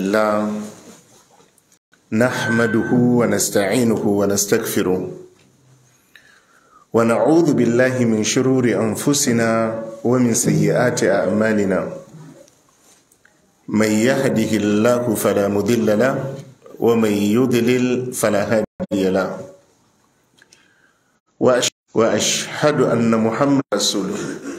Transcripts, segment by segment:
الله نحمده ونستعينه ونستغفره ونعوذ بالله من شرور انفسنا ومن سيئات اعمالنا من يهده الله فلا مضل له ومن يضلل فلا هادي له واشهد ان محمد الله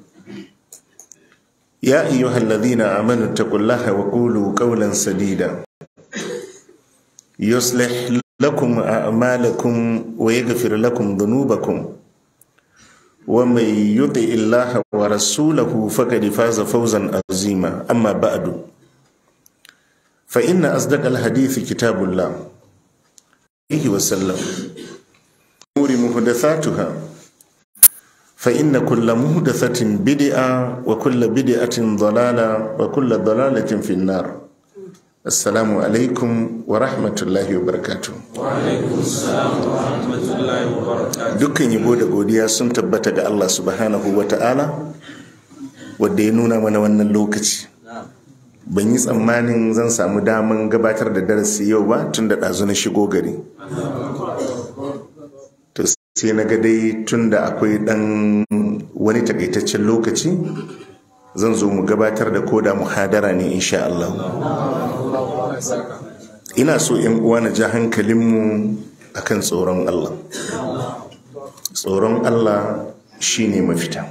يا أيها الذين آمنوا اتقوا الله وقولوا قولا سديدا يصلح لكم أعمالكم ويغفر لكم ذنوبكم ومن يطع الله ورسوله فقد فاز فوزا عظيما أما بعد فإن أصدق الحديث كتاب الله عليه وسلم أمور محدثاتها فإن كل مهدثة بدعة وكل بدعة ضلالة وكل alaikum wa rahmatullahi السلام عليكم ورحمة الله وبركاته وعليكم السلام ورحمة الله وبركاته دكان يبو da godiya sun tabbata ga Allah subhanahu wata'ala wanda ya nuna mana wannan lokaci ban yi tsammanin zan samu daman gabatar da darasi yau ba tunda ɗazu na shigo gari sai na ga dai tun da akwai ɗan wani takaitaccen lokaci zan zo mu gabatar da koda muhadara ne insha Allah ina so in uwa na ja hankalinmu akan tsoron Allah tsoron Allah shine mafita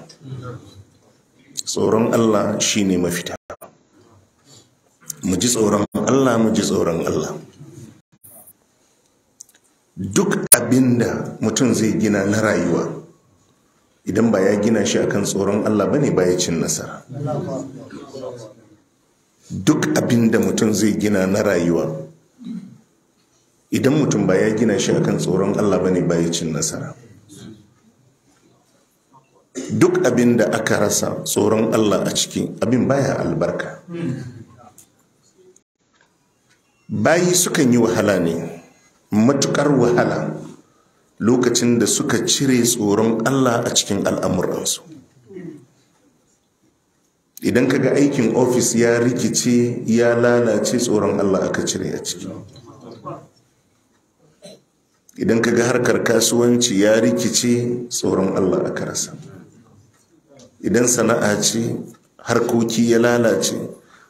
tsoron Allah shine mafita mu ji tsoron Allah mu ji tsoron Allah duk abin da mutum zai gina na rayuwa idan ba ya gina shi akan tsoron Allah ba ne baya cin nasara duk abin da mutum zai gina na rayuwa idan mutum ba ya gina shi akan tsoron Allah ba ne baya cin nasara duk abin da aka rasa tsoron Allah a ciki abin baya albarka bayi sukan yi wahala ne matuƙar wahala lokacin da suka cire tsoron Allah a cikin al'amuransu idan ka ga aikin ofis ya rikice ya lalace tsoron Allah aka cire a ciki idan ka ga harkar kasuwanci ya rikice tsoron Allah aka rasa idan sana'a ce harkoki ya lalace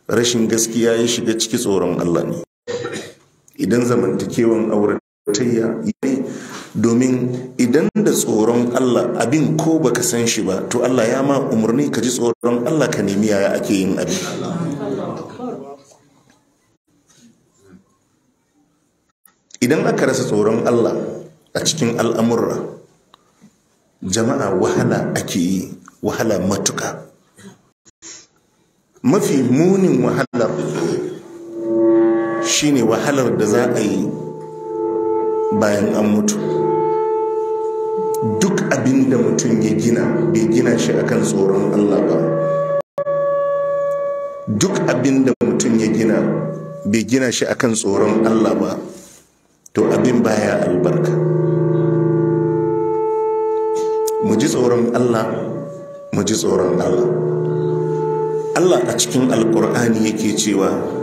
rashin gaskiya ya shiga ciki tsoron Allah ne idan zamantakewan auratayya yi, domin idan da tsoron Allah abin ko baka san shi ba to Allah ya ma umarni ka ji tsoron Allah ka nemi yaya ake yin abin idan aka rasa tsoron Allah a cikin al'amurra jama'a wahala ake yi wahala matuka mafi munin wahala shine wahalar da za a yi bayan an mutu duk abin da mutum ya gina bai gina shi akan tsoron allah ba duk abin da mutum ya gina bai gina shi akan tsoron allah ba to abin baya albarka mu ji tsoron allah mu ji tsoron allah allah a cikin alkur'ani yake cewa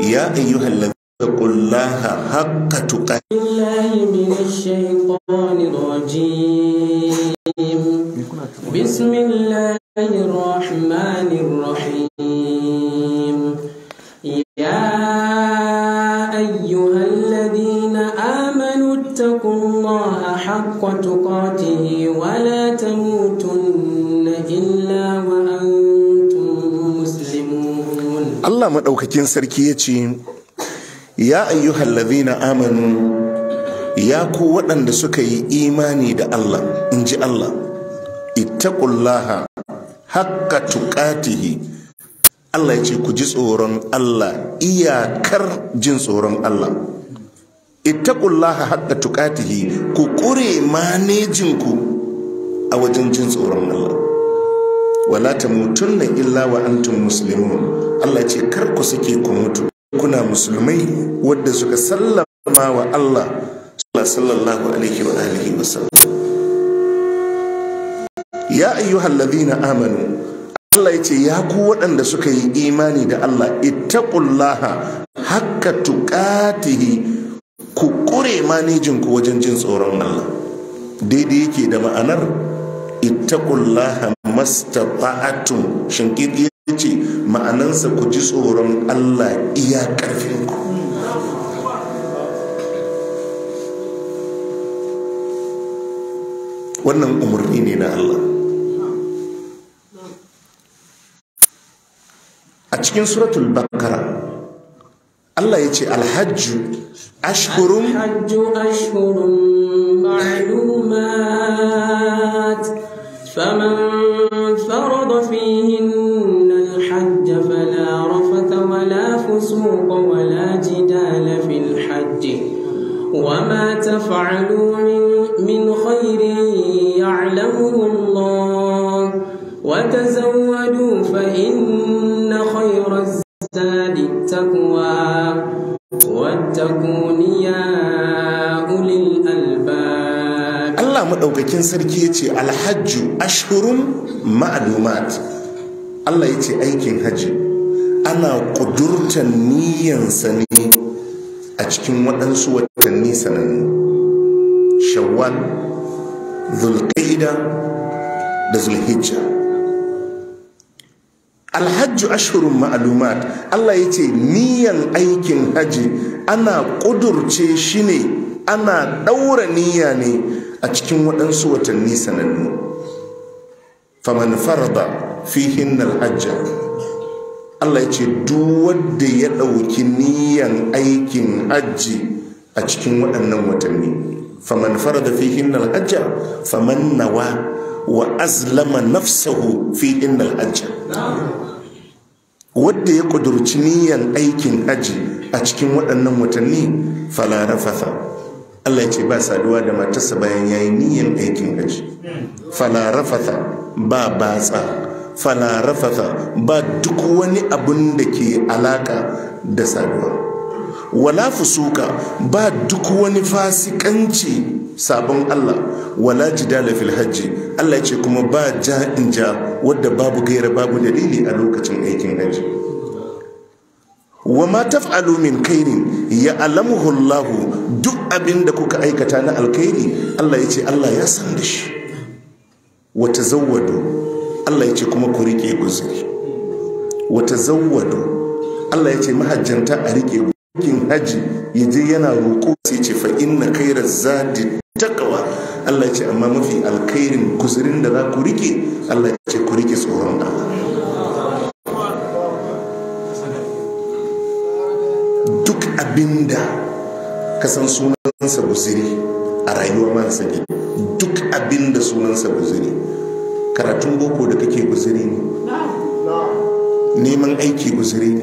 يا أيها الذين اتقوا الله حق تقاته بالله من الشيطان الرجيم بسم الله الرحمن الرحيم Allah maɗaukakin sarki ya ce ya ayyuhal ladhina amanu ya ku waɗanda suka yi imani da Allah in ji Allah ittaqullaha haqqa tuqatihi Allah ya ce ku ji tsoron Allah iyakar jin tsoron Allah ittaqullaha haqqa tuqatihi ku ƙure manejinku a wajen jin tsoron Allah wala ta tamutunna illa wa antum muslimun Allah ce kar ku suke ku mutu kuna musulmai wadda suka sallama wa Allah sallallahu alaihi wa alihi wa sallam ya ayyuhal ladina amanu Allah ya ce ya ku waɗanda suka yi imani da Allah ittaqullaha hakka tuqatihi ku kure manijinku wajen jin tsoron Allah daidai yake da ma'anar ittaqullaha mastata'tum shinkidi yace ma'anansa ku ji tsoron Allah iya karfin ku wannan umarni ne na Allah a cikin suratul bakara Allah ya ce alhajju ashkurun فمن فرض فيهن الحج فلا رفث ولا فسوق ولا جدال في الحج وما تفعلوا من, خير يعلمه الله وتزودوا فإن خير الزاد التقوى واتقون يا maɗaukakin sarki ya ce alhajju ashhurun ma'adumat Allah ya ce aikin hajji ana ƙudurtar niyyansa ne a cikin waɗansu watanni sanannu shawwal zulqa'ida da zulhijja alhajju ashhurun ma'alumat Allah ya ce niyyan aikin hajji ana ƙudurce shi ne ana ɗaura niyya ne a cikin waɗansu watanni sanannu faman farada fihin hajja Allah ya ce duk wanda ya ɗauki niyan aikin hajji a cikin waɗannan watanni faman farada fihin hajja faman nawa wa azlama nafsahu fihin hajja wadda ya ƙudurci niyan aikin hajji a cikin waɗannan watanni fala rafatha Allah ya ce ba saduwa da matarsa bayan yayi niyyar aikin gaji. fala rafata ba batsa fala rafata ba duk wani abun da ke alaka da saduwa wala fusuka ba duk wani fasikanci sabon Allah wala jidala fil hajji Allah ya ce kuma ba ja in ja wadda babu gaira babu dalili a lokacin aikin hajji wa ma taf'alu min kairin ya Allah duk abin da kuka aikata na alkhairi Allah ya ce Allah ya san da shi wa tazawwadu Allah ya ce kuma ku rike guzuri wa tazawwadu Allah ya ce mahajjanta a rike gukin haji ya je yana roƙo sai ce fa inna khairaz zadi taqwa Allah ya ce amma mafi alkhairin guzurin da za ku rike Allah yace duk ka san sunansa guziri a rayuwar mansa gida duk abinda sunansa guziri karatun boko da kake guziri ne neman aiki guziri ne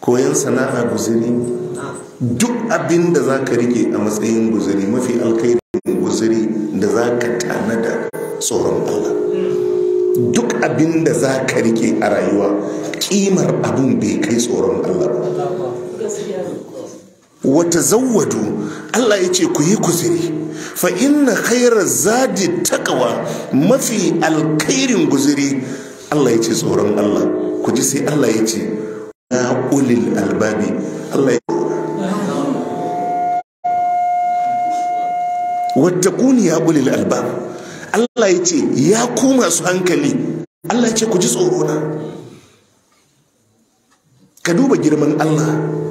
koyon sana'a guziri ne duk abinda za ka rike a matsayin guziri mafi alkairin guziri da za ka tanada tsoron allah duk abinda da za ka rike a rayuwa kimar abin bai kai tsoron allah ba wata zawadu Allah ya ce ku yi kuziri fa inna khairar zadi takawa mafi alkhairin guziri Allah ya ce tsoron Allah ku ji sai Allah ya ce na ulil albabi Allah ya wata kuni ya ulil albab Allah ya ce ya ku masu hankali Allah ya ce ku ji tsoro na ka duba girman Allah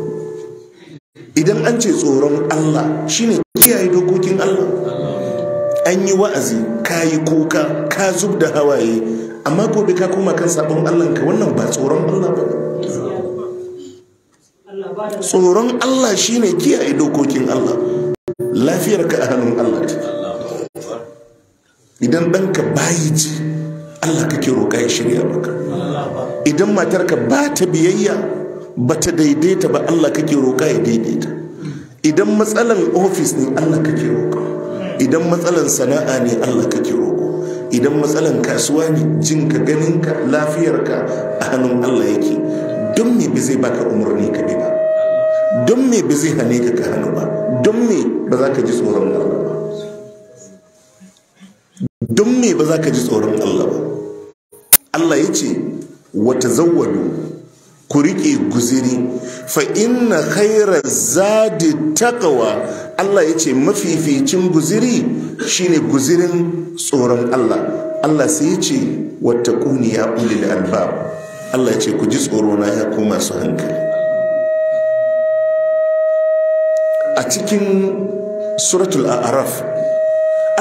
idan an ce tsoron Allah shine kiyaye dokokin Allah an yi wa'azi ka yi kuka ka zub da hawaye amma gobe ka koma kan sabon Allah ka wannan ba tsoron Allah ba tsoron Allah shine kiyaye dokokin Allah lafiyar ka a hannun Allah idan ɗanka bayi ji Allah kake roƙa ya shirya maka idan matarka ba ta biyayya bata daidaita ba Allah kake roƙa ya daidaita idan matsalan ofis ne Allah kake roƙa idan matsalan sana'a ne Allah kake roƙo idan matsalan kasuwa ne jinka ganinka lafiyarka a hannun Allah yake don me bi zai baka umarni ka ba don me bi zai hane ka ka hannu ba don me ba za ka ji tsoron Allah ba don me ba za ka ji tsoron Allah ba Allah ya ce wata zawwadu ku riƙe guziri fa inna khaira zadi takawa Allah ya ce mafificin guziri shine guzirin tsoron Allah Allah sai ya ce wata ƙuni ya da albab Allah ya ce ku ji tsoro na ya koma su hankali a cikin suratul a'raf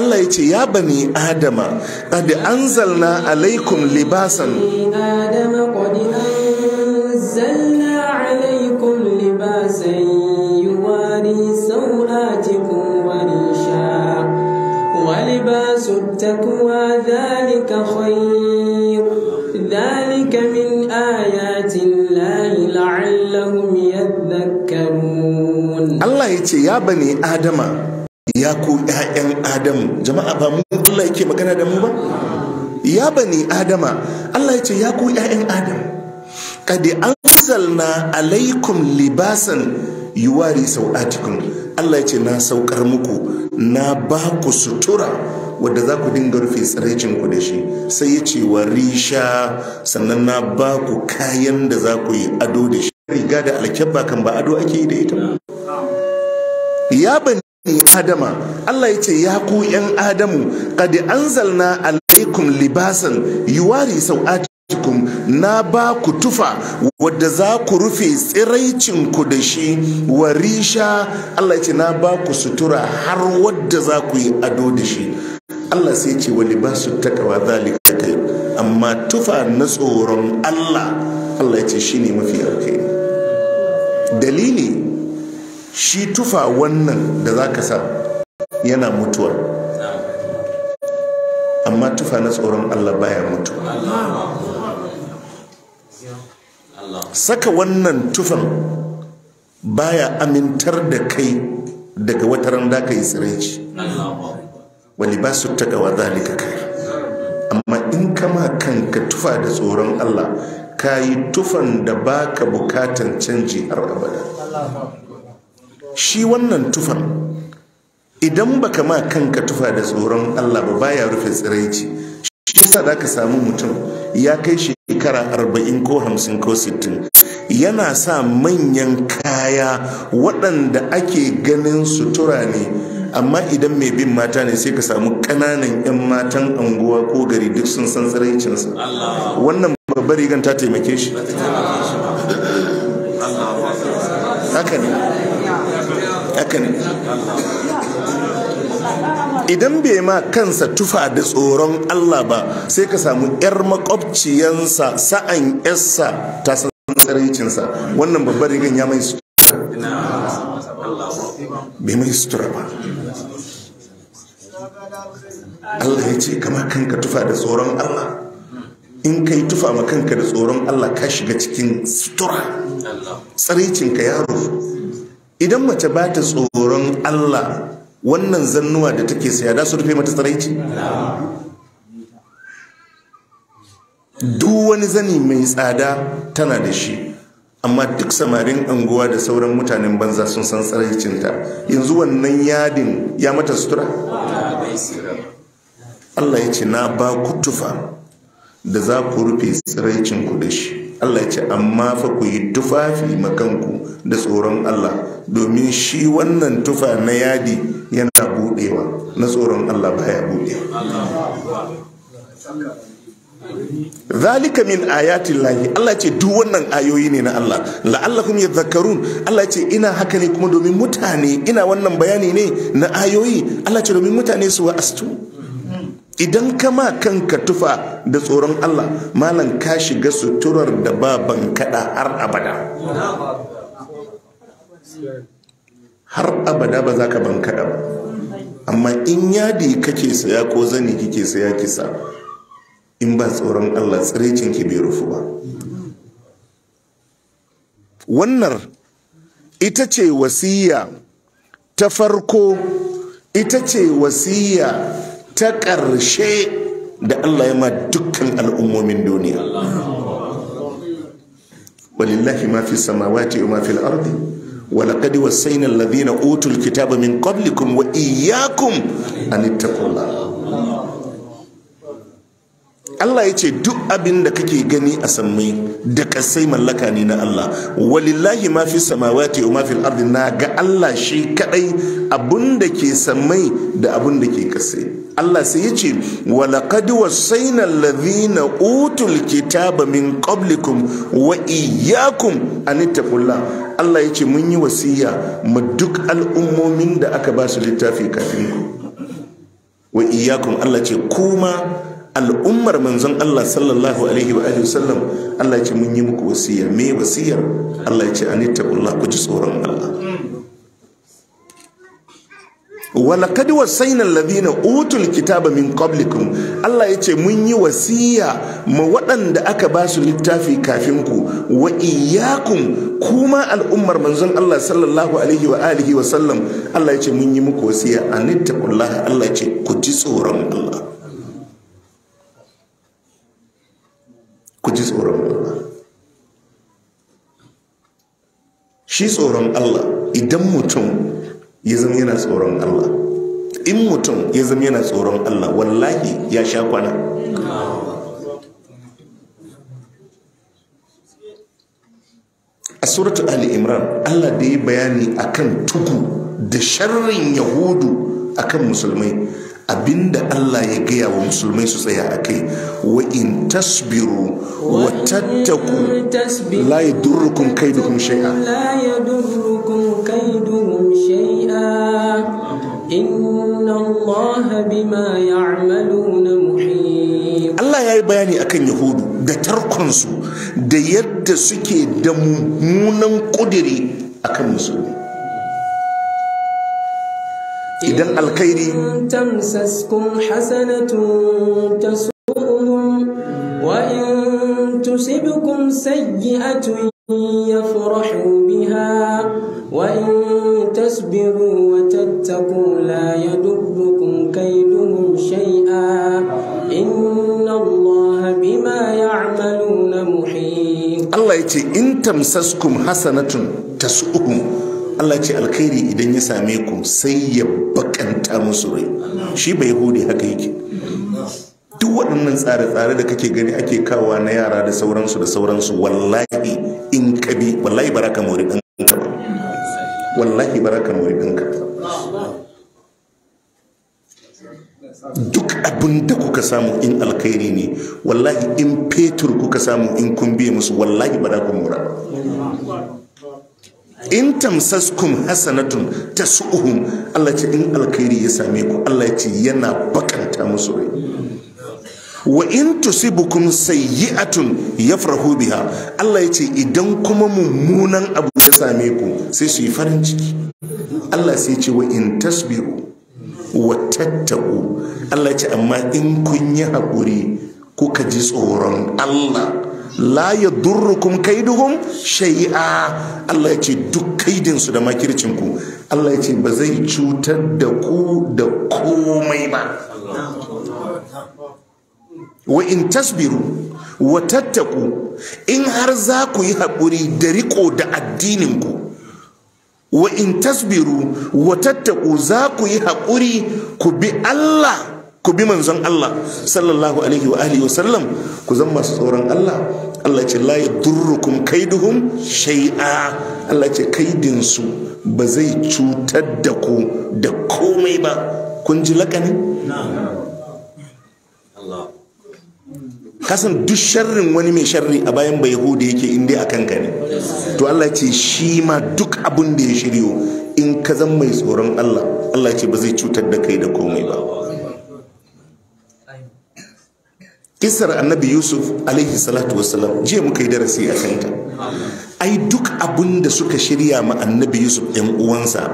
Allah ya ce ya bani adama qad anzalna alaikum libasan ce ya bani adama ya ku ƴaƴan adamu jama'a ba mu Allah yake magana da mu ba ya bani adama Allah ya ce ya ku ƴaƴan adamu kad anzalna alaikum libasan yuwari sau'atikum Allah ya na saukar muku na ba ku sutura wadda za ku dinga rufe tsiraicin ku da shi sai ya ce wa risha sannan na ba ku kayan da za ku yi ado da shi riga da alkyabba kan ba ado ake yi da ita ya bani adama Allah ya ce ya ku yan adamu an anzalna alaikum libasan yuwari sau'atikum na ba ku tufa wadda za ku rufe tsiraicin ku da shi wa risha Allah ya ce na ba ku sutura har wadda za ku yi ado da shi Allah sai ce wa libasu taqwa zalika kai amma tufa na tsoron Allah Allah ya ce shine mafi alkhairi dalili shi tufa wannan da za ka sa yana mutuwa amma tufa na tsoron allah baya mutu saka wannan tufan baya amintar da kai daga wata randa ka yi tsiraici wani ba su takawa zalika kai amma in kama kanka tufa da tsoron allah ka yi tufan da baka bukatan canji har abada shi wannan tufar idan baka ma kanka tufa da tsoron Allah ba baya rufe tsiraici shi yasa da ka samu mutum ya kai shekara arba'in ko hamsin ko sittin yana sa manyan kaya waɗanda ake ganin sutura ne amma idan mai bin mata ne sai ka samu ƙananan 'yan matan anguwa ko gari duk sun san tsiraicinsa wannan babbar rigan ta taimake shi haka ne haka ne idan bai ma kansa tufa da tsoron Allah ba sai ka samu 'yar makwabciyansa sa'an 'yarsa ta san tsaraicinsa wannan babbar rigan ya mai sutura bai mai sutura ba Allah ya ce kama kanka tufa da tsoron Allah in ka yi tufa ma kanka da tsoron Allah ka shiga cikin sutura tsaraicinka ya rufu idan mace ba ta tsoron Allah wannan zannuwa da take saya da su rufe mata tsaraici duk wani zani mai tsada tana da shi amma duk samarin anguwa da sauran mutanen banza sun san tsaraicinta yanzu wannan yadin ya mata sutura Allah ya ce na ba ku tufa da za ku rufe tsiraicinku da shi Allah ce amma fa ku yi tufafi makanku da tsoron Allah domin shi wannan tufa na yadi yana budewa na tsoron Allah baya budewa zalika min ayatin lahi Allah ce duk wannan ayoyi ne na Allah ya yadhakkarun Allah ce ina haka ne kuma domin mutane ina wannan bayani ne na ayoyi Allah ce domin mutane su wa'astu idan ka kama kanka tufa da tsoron Allah malam ka shiga suturar da baban kada har abada har abada ba za ka ban kada ba amma in yadi kake saya ko zani kike saya kisa in ba tsoron Allah tsirecin ki bai rufu ba wannan ita ce wasiya ta farko ita ce wasiya ta ƙarshe da Allah ya ma dukkan al'ummomin duniya walillahi ma fi samawati wa ma fi al-ardi wa sainan wasayna otul utul kitaba min qablikum wa iyakun an ittaqullah Allah ya ce duk abin da kake gani a sammai da kasai mallaka ne na Allah walillahi ma fi samawati wa ma fil ardi na ga Allah shi kadai abun da ke sammai da abun da ke kasai Allah sai ya ce walaqad wasaina alladhina utul kitaba min qablikum wa iyyakum an Allah ya ce mun yi wasiya ma duk al'ummomin da aka ba su littafi kafin ku wa iyyakum Allah ce kuma al'ummar manzon Allah sallallahu alaihi wa alihi wasallam Allah ya ce mun yi muku wasiya me wasiyar Allah ya ce an ku ji tsoron Allah walakad wasaina alladhina utul kitaba min qablikum Allah yace mun yi wasiya ma waɗanda aka ba su littafi kafin ku wa iyyakum kuma al'ummar manzon Allah sallallahu alaihi wa alihi wa sallam Allah yace mun yi muku wasiya anittaqullaha Allah yace ku ji tsoron Allah ku ji tsoron Allah shi tsoron Allah idan mutum ya zama yana tsoron Allah in mutum ya zama yana tsoron Allah wallahi ya sha kwana a suratu ali imran Allah da ya bayani akan tugu da sharrin yahudu akan musulmai abinda Allah ya gaya wa musulmai su tsaya a kai wa in tasbiru wa tattaku la yadurrukum kaiduhum shay'a la yadurrukum kaiduhum shay'a إن الله بما يعملون محيط الله يا بياني أكن يهود da tarkonsu da yadda suke da mummunan ƙudiri a musulmi idan alkhairi tamsaskum hasanatun tasu'uhum wa in tusibkum sayyi'atun yafrahu biha وإن تصبروا وتتقوا لا يضركم كيدهم شيئا إن الله بما يعملون محيط الله يتي إن تمسسكم حسنة تسؤهم Allah ce alkhairi idan ya same ku sai ya bakanta musu rai shi bai hudi haka yake duk waɗannan tsare-tsare da kake gani ake kawa na yara da sauransu da sauransu wallahi kuka samu in alkhairi ne wallahi in fetur kuka samu in kun biye musu wallahi ba da ku mura in tamsaskum hasanatun tasu'uhum Allah ce in alkhairi ya same ku Allah ya ce yana bakanta musu rai wa in tusibukum sayyi'atun yafrahu biha Allah ya ce idan kuma mummunan abu ya same ku sai su yi farin ciki Allah sai ce wa in tasbiru wa tattaku Allah ce amma in kun yi haƙuri kuka ji tsoron Allah la ya durrukum kaiduhum shay'a Allah ce duk kaidinsu da makircinku. Allah Allah ce ba zai cutar da ku da komai ba wa in tasbiru wa tattaku in har za ku yi haƙuri da riko da addininku. ku wa in tasbiru wa tattaku za ku yi haƙuri ku bi Allah ku bi manzon Allah sallallahu alaihi wa alihi sallam ku zan masu tsoron Allah Allah ce la yadurrukum kaiduhum shai'a. Allah ce kaidin su ba zai cutar da ku da komai ba kun ji lakanin Allah kasan duk sharrin wani mai sharri a bayan bai hudu yake inda a kanka ne to Allah ce shi ma duk abin da ya shiryo in ka zan mai tsoron Allah Allah ce ba zai cutar da kai da komai ba kisar annabi yusuf alaihi salatu wasalam jiya muka yi darasi a kanta ai duk abin da suka shirya ma annabi yusuf yan uwansa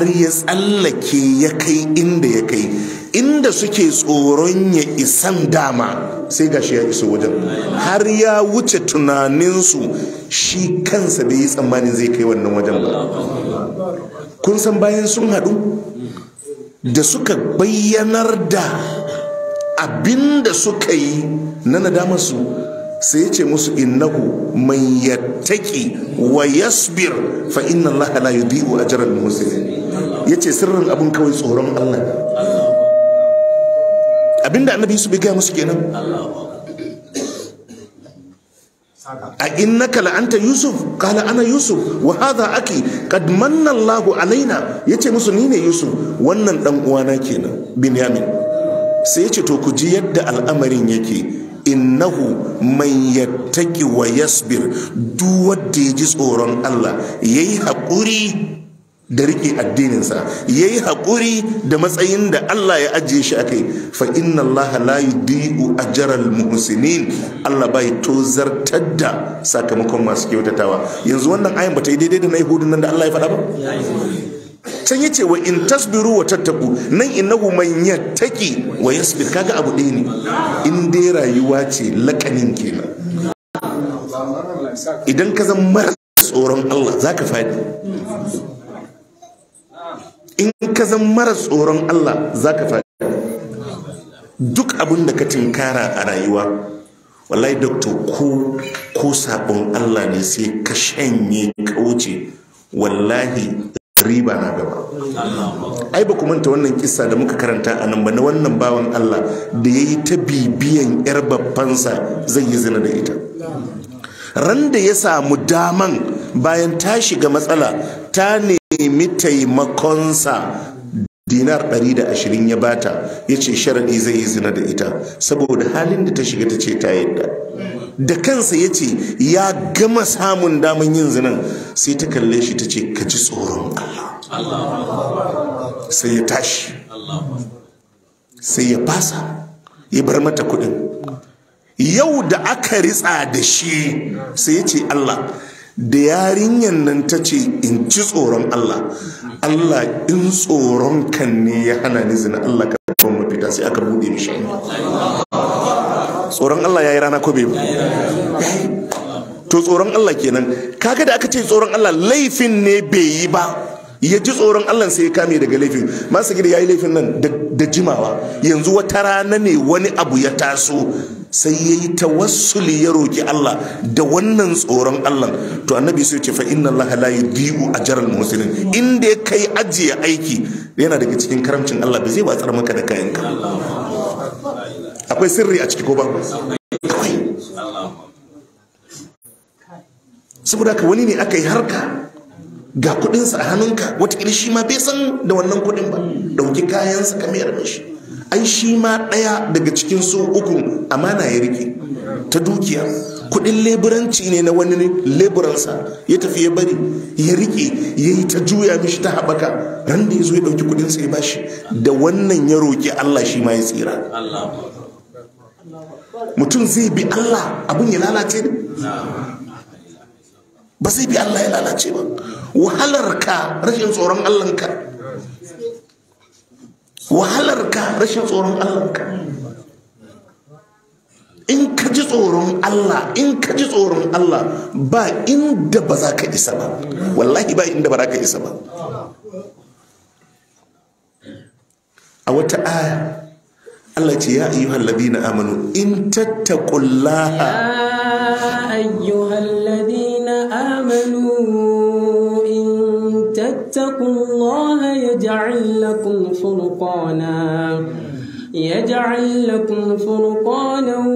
har ya tsallake ya kai inda ya kai inda suke tsoron ya isan dama sai gashi ya iso wajen har ya wuce tunaninsu shi kansa bai yi tsammanin zai kai wannan wajen ba kun san bayan sun haɗu da suka bayyanar da abin da suka yi na su, sai ce musu innahu man yattaki wa yasbir fa inna allaha la yudhi'u ajra al-muhsinin ya ce sirrin abin kawai tsoron Allah abinda annabi su bai gaya musu kenan a kala la'anta yusuf kala ana yusuf wa hadha aki qad manna Allah alaina yace musu ni ne yusuf wannan dan uwana kenan binyamin sai yace to ku ji yadda al'amarin yake innahu man yattaki wa yasbir duk wanda ya ji tsoron Allah yayi haƙuri da riƙe addininsa ya yi haƙuri da matsayin da Allah ya ajiye shi a kai fa inna Allah la yudi'u ajral muhsinin Allah bai tozartar da sakamakon masu kyautatawa yanzu wannan ayin ba ta yi daidai da na hudun nan da Allah ya faɗa ba can yace wa in tasbiru wa tattaku nan innahu man yattaki wa yasbir kaga abu ɗaya ne in dai rayuwa ce lakanin kenan idan ka zama mara tsoron Allah zaka faɗi in ka zan mara tsoron Allah za ka faɗi duk abin da ka tinkara a rayuwa wallahi doctor ko ko sabon Allah ne sai ka shanye kauce wallahi riba na gaba ai ba ku manta wannan kisa da muka karanta a nan ba na wannan bawan Allah da ya yi ta bibiyan yar babbansa zai yi zina da ita Randa ya samu daman bayan ta shiga matsala ta nemi taimakonsa dinar 120 ya bata ya ce sharaɗi zai yi zina da ita saboda halin da ta shiga ta ce ta yadda da kansa ya ce ya gama samun daman yin zinan sai ta kalle shi ta ce ka ji tsoron Allah sai ya tashi sai ya fasa ya bar mata kuɗin yau da aka ritsa da shi sai ya ce Allah da yarinyar nan ta ce in ci tsoron Allah Allah in tsoron kan ne ya hana ni zina Allah ka ban mafita sai aka bude mishi tsoron Allah ya yi rana ko bai to tsoron Allah kenan kaga da aka ce tsoron Allah laifin ne bai yi ba ya ji tsoron Allah sai ya kame daga laifin masu gida ya yi laifin nan da jimawa yanzu wata rana ne wani abu ya taso sai ya yi tawassuli ya roki Allah da wannan tsoron Allah to annabi sai ce fa inna Allah la yudhi'u ajral In inda ya kai ajiye aiki yana daga cikin karamcin Allah ba zai watsar maka da kayanka akwai sirri a ciki ko ba saboda ka wani ne aka yi harka ga kuɗinsa a hannunka watakila shi ma bai san da wannan kuɗin ba ɗauki kayansa ka mayar mishi ai shi ma ɗaya daga cikin su uku amana ya rike ta dukiya kuɗin leburanci ne na wani leburansa ya tafi ya bari ya rike ya yi ta juya mishi ta haɓaka ran da ya zo ya ɗauki kuɗinsa ya bashi da wannan ya roƙi allah shi ma ya tsira mutum zai bi allah abun ya lalace ne ba zai bi Allah ya lalace ba wahalar ka rashin tsoron Allah ka wahalar ka rashin tsoron Allah ka in ka ji tsoron Allah in ka ji tsoron Allah ba inda ba za ka isa ba wallahi ba inda ba za ka isa ba a wata aya Allah ce ya ayyuhal na amanu in tattaqullaha ya ayyuhal ladina آمنوا إن تتقوا الله يجعل لكم فرقانا يجعل لكم فرقانا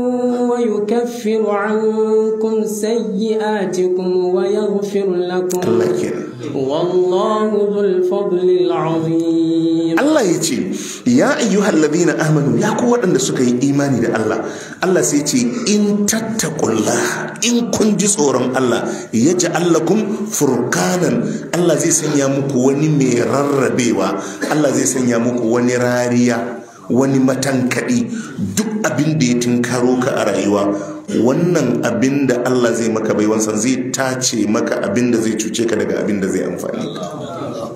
ويكفر عنكم سيئاتكم ويغفر لكم Allah ya ce, Ya Allah yace ya amanu ya ku waɗanda suka yi imani da Allah Allah sai ce in tattakulla, in kun ji tsoron Allah ya ji Allah kun furkanan Allah zai sanya muku wani mai rarrabewa Allah zai sanya muku wani rariya wani matankaɗi duk abin da ya tunkaro ka a rayuwa wannan abin da Allah zai maka bai wansa zai tace maka abin da zai cuce ka daga abin da zai amfani ka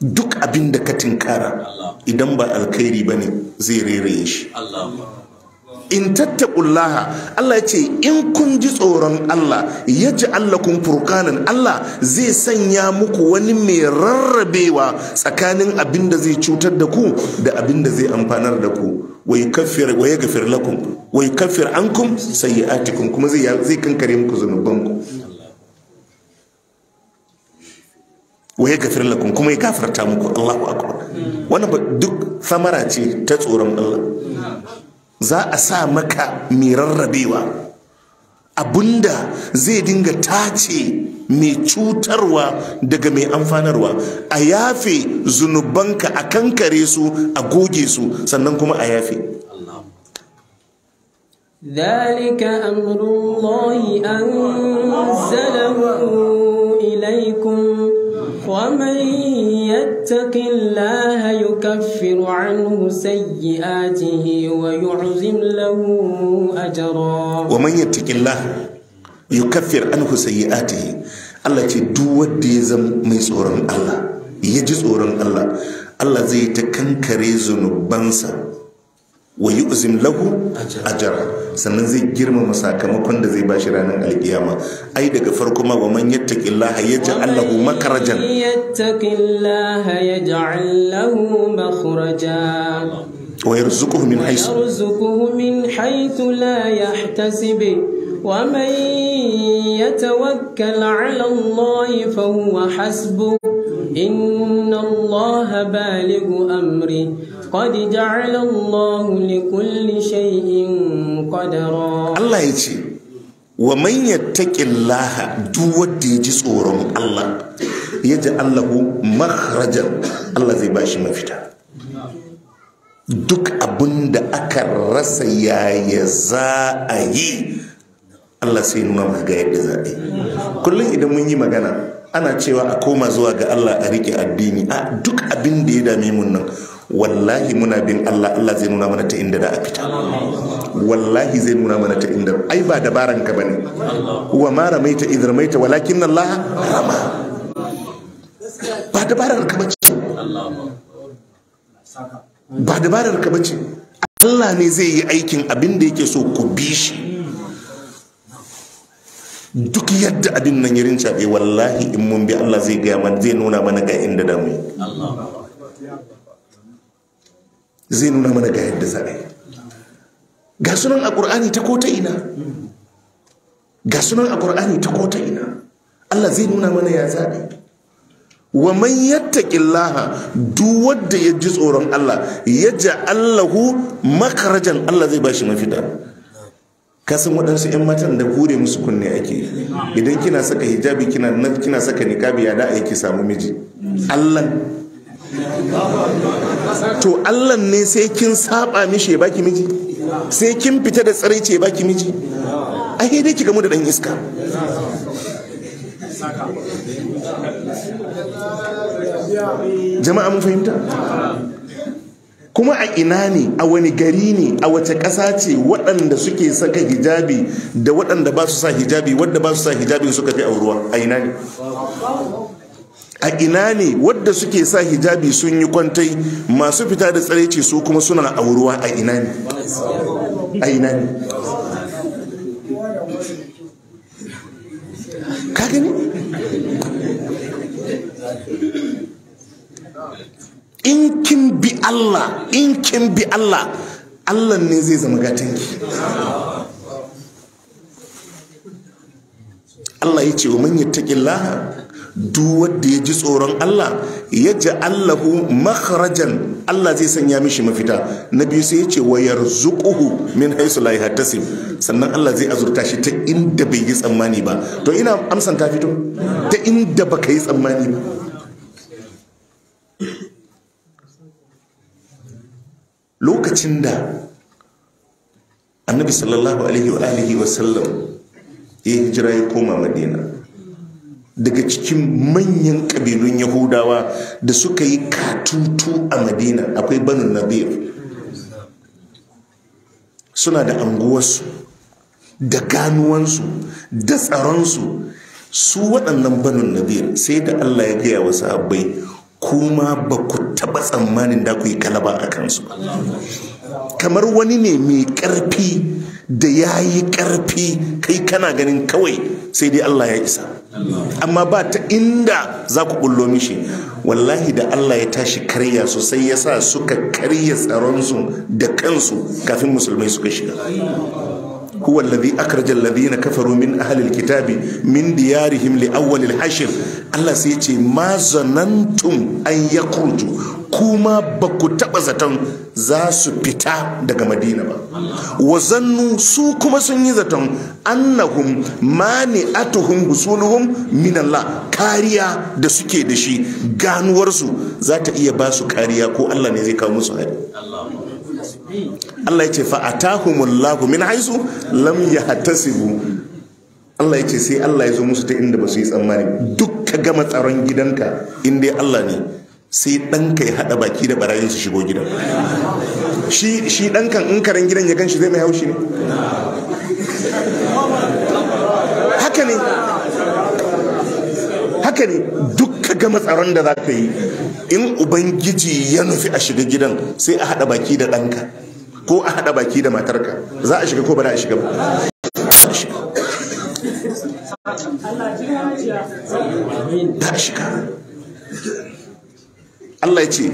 duk abin da ka tunkara idan ba alkhairi ba ne zai rere shi in tattaqullaha Allah ya ce in kun ji tsoron Allah ya ji kun furkanin Allah zai sanya muku wani mai rarrabewa tsakanin abin da zai cutar da ku da abin da zai amfanar da ku wai kafir wai gafir lakum wai kafir ankum sayyi'atikum kuma zai zai kankare muku zanubanku wa ya gafir lakum kuma ya gafarta muku Allahu akbar wannan duk samara ce ta tsoron Allah za a sa maka mai rarrabewa abinda zai dinga tace mai cutarwa daga mai amfanarwa a yafe zunubanka a kankare su a goge su sannan kuma a yafe ذلك أمر الله أنزله إليكم ومن يتق الله يكفر عنه سيئاته ويعظم له أجرا ومن يتق الله yukaffir anhu sayyi'atihi Allah ce duk wanda ya zama mai tsoron Allah ya ji tsoron Allah Allah zai ta kankare zunubansa wa yu'zim lahu ajra sannan zai girmama sakamakon da zai bashi ranar alkiyama ai daga farko ma wa man yattaqillaha yaj'al lahu makhrajan yattaqillaha yaj'al lahu makhraja wa yarzuquhu min haythu yarzuquhu min haythu la yahtasib wa man yatawakkal 'ala Allah fa huwa hasbuh inna Allah balighu amri قد جعل الله لكل شيء قدرا الله يجي ومن يتق الله دو ديجي يجي الله يجعل له مخرجا الله زي باشي مفتا duk abin da aka rasa yaya za a yi Allah sai nuna maka ga yadda za a yi kullum idan mun yi magana ana cewa a koma zuwa ga Allah a rike addini a duk abin da ya dame mun nan wallahi muna bin Allah Allah zai nuna mana ta inda da a fita wallahi zai nuna mana ta inda ai ba dabaran ka bane huwa ma ramaita idh ramaita walakin Allah rama ba dabarar ka bace ba dabarar ka bace Allah ne zai yi aikin abin da yake so ku bi shi duk yadda abin nan yirin caɓe eh, wallahi in mun bi Allah zai gaya mana zai nuna mana ga inda damu zai nuna mana ga yadda zaɓe ga sunan a ƙur'ani ta kota ina ga sunan a ƙur'ani ta kota ina Allah zai nuna mana ya zaɓe wa man yattaqillaha duk wanda ya ji tsoron Allah ya Allahu makarajan Allah zai bashi mafita kasan waɗansu 'yan matan da hure musu kunne ake idan kina saka hijabi kina saka niqabi ya da ki samu miji allan to allan ne sai kin saba mishi ya baki miji sai kin fita da ce ya baki miji ai dai ki gamu da dan iska jama'a mun fahimta kuma a ina ne a wani gari ne a wace ƙasa ce waɗanda suke saka hijabi da waɗanda ba su sa hijabi wadda ba su sa hijabi suka fi auruwa a ina ne a ina ne wadda suke sa hijabi sun yi kwantai masu fita da tsareci su kuma suna auruwa a ina ne a ina ne in kin bi Allah in kin bi Allah Allah ne zai zama gatanki Allah ya ce wa man yattaqillaha duk wanda ya ji tsoron Allah ya ji allahu makharajan Allah zai sanya mishi mafita na biyu sai ya ce wa yarzuquhu min haythu la yahtasib sannan Allah zai azurta shi ta inda bai yi tsammani ba to ina amsan ta fito ta inda baka yi tsammani ba lokacin da annabi sallallahu alaihi wa alihi wa sallam ya hijira ya koma madina daga cikin manyan ƙabilun yahudawa da suka yi katutu a madina akwai banu nabir suna da anguwarsu da ganuwansu da tsaronsu su waɗannan banu nabir sai da allah ya gaya wasu sahabbai kuma ba ku taɓa tsammanin da ku yi kalaba a kansu ba kamar wani ne mai karfi da ya yi ƙarfi kai kana ganin kawai sai dai Allah ya isa amma ba ta inda za ku bullo mishi wallahi da Allah ya tashi karya sosai ya sa suka karya tsaronsu da kansu kafin musulmai suka shiga هو الذي أخرج الذين كفروا من أهل الكتاب من ديارهم لأول الحشر Allah sai ce ma zanantum an ya kurju kuma ba ku taɓa zaton za su fita daga madina ba wa zannu su kuma sun yi zaton annahum mani atuhum husuluhum min kariya da suke da shi ganuwarsu za ta iya ba su kariya ko Allah ne zai kawo musu hari Allah ya ce fa'atahumullahu min haisu lam yahtasibu Allah ya ce sai Allah ya zo musu ta inda ba su yi tsammani duk ka gama tsaron gidanka in dai Allah ne sai ɗanka ya haɗa baki da barayin su shigo gidan shi ɗankan in karen gidan ya gan shi zai mai haushi ne haka ne haka ne duk ka gama tsaron da za ka yi in ubangiji ya nufi a shiga gidan sai a haɗa baki da ɗanka ko a haɗa baki da matarka za a shiga ko ba za a shiga ba Allah ya ce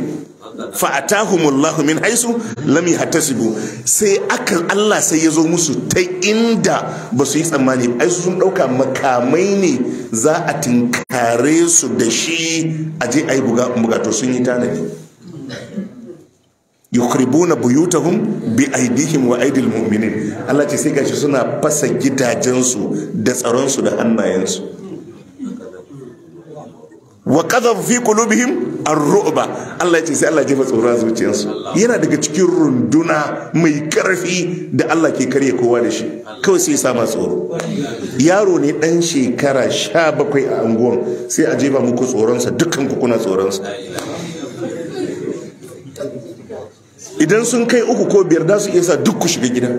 fa'atahumullahu min haisu lami hatasibu sai akan Allah sai ya zo musu ta inda ba su yi tsammani ai sun ɗauka makamai ne za a tinkare su da shi a aje a buga bugato sun yi tanadi yukribuna buyutahum bi aidihim wa aidil mu'minin Allah ce sai gashi suna fasa gidajensu da tsaron su da hannayensu wa qadhaf fi qulubihim ar-ru'ba Allah ce sai Allah jefa tsoron zuciyarsu yana daga cikin runduna mai karfi da Allah ke karya kowa da shi kawai sai ya sama tsoro yaro ne dan shekara 17 a anguwan sai a jefa muku sa dukkan ku kuna sa idan sun kai uku ko biyar za su iya sa duk ku shiga gida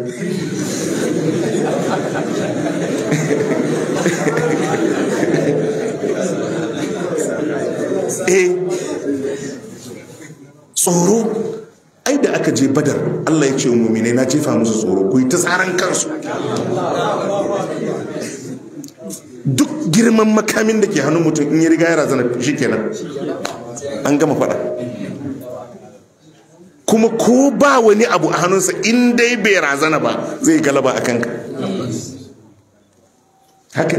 eh tsoro ai da aka je badar Allah ya ce mumine na jefa musu tsoro ku ta tsaran kansu duk girman makamin da ke hannun mutum in ya riga ya razana shi kenan an gama faɗa kuma ko ba wani abu a hannunsa in dai bai razana ba zai galaba a kanka haka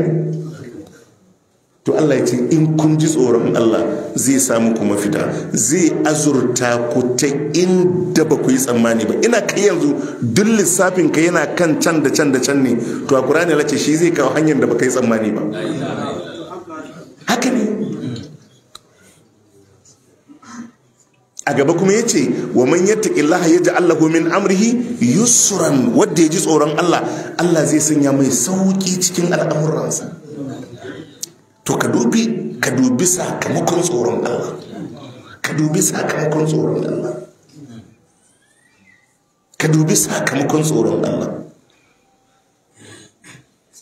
to Allah ya ce in kun ji tsoron Allah zai samu kuma fita zai azurta ku ta inda ba ku yi tsammani ba ina kai yanzu duk lissafin ka yana kan can da can da can ne to a kurani lace shi zai kawo hanyar da ba yi tsammani ba haka ne a gaba kuma ya ce wa man ya ji lahu min amrihi yusuran wanda ya ji tsoron Allah Allah zai sanya mai sauki cikin al'amuransa to ka dubi ka dubi sakamakon tsoron Allah ka dubi sakamakon tsoron Allah ka dubi sakamakon tsoron Allah